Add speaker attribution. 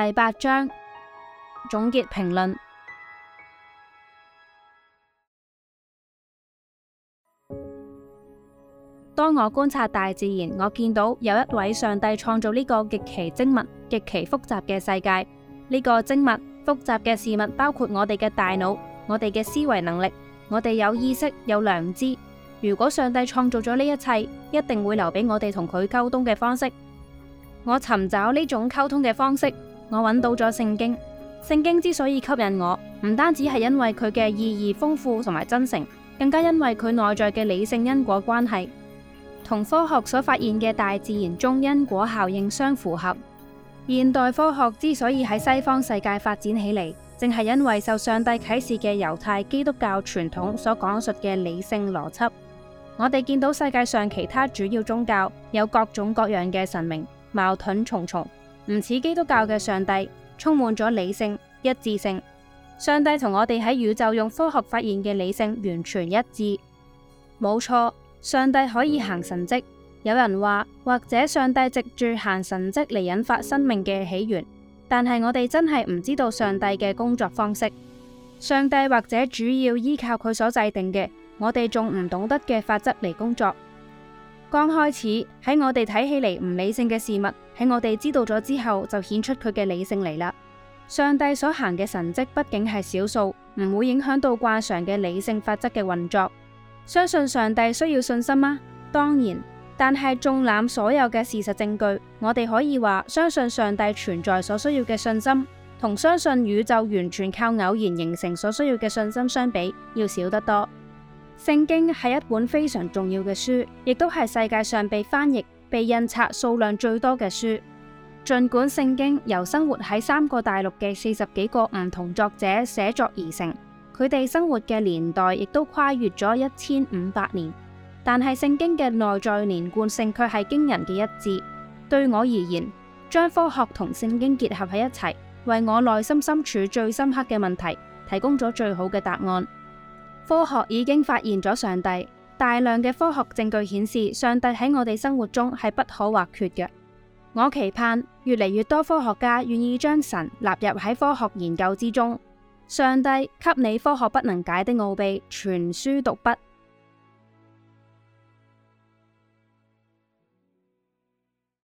Speaker 1: 第八章總結評論。當我觀察大自然，我見到有一位上帝創造呢個極其精密、極其複雜嘅世界。呢個精密複雜嘅事物包括我哋嘅大腦、我哋嘅思維能力、我哋有意識、有良知。如果上帝創造咗呢一切，一定會留俾我哋同佢溝通嘅方式。我尋找呢種溝通嘅方式。我揾到咗聖經，聖經之所以吸引我，唔單止係因為佢嘅意義豐富同埋真誠，更加因為佢內在嘅理性因果關係，同科學所發現嘅大自然中因果效應相符合。現代科學之所以喺西方世界發展起嚟，正係因為受上帝啟示嘅猶太基督教傳統所講述嘅理性邏輯。我哋見到世界上其他主要宗教有各種各樣嘅神明，矛盾重重。唔似基督教嘅上帝，充滿咗理性、一致性。上帝同我哋喺宇宙用科學發現嘅理性完全一致。冇錯，上帝可以行神蹟。有人話，或者上帝藉住行神蹟嚟引發生命嘅起源。但係我哋真係唔知道上帝嘅工作方式。上帝或者主要依靠佢所制定嘅，我哋仲唔懂得嘅法則嚟工作。剛開始喺我哋睇起嚟唔理性嘅事物，喺我哋知道咗之後就顯出佢嘅理性嚟啦。上帝所行嘅神蹟畢竟係少數，唔會影響到慣常嘅理性法則嘅運作。相信上帝需要信心嗎？當然。但係縱覽所有嘅事實證據，我哋可以話相信上帝存在所需要嘅信心，同相信宇宙完全靠偶然形成所需要嘅信心相比，要少得多。聖經係一本非常重要嘅書，亦都係世界上被翻譯、被印刷數量最多嘅書。盡管聖經由生活喺三個大陸嘅四十幾個唔同作者寫作而成，佢哋生活嘅年代亦都跨越咗一千五百年，但係聖經嘅內在連貫性卻係驚人嘅一致。對我而言，將科學同聖經結合喺一齊，為我內心深處最深刻嘅問題提供咗最好嘅答案。科學已經發現咗上帝，大量嘅科學證據顯示上帝喺我哋生活中係不可或缺嘅。我期盼越嚟越多科學家願意將神納入喺科學研究之中。上帝給你科學不能解的奧秘，全書讀畢。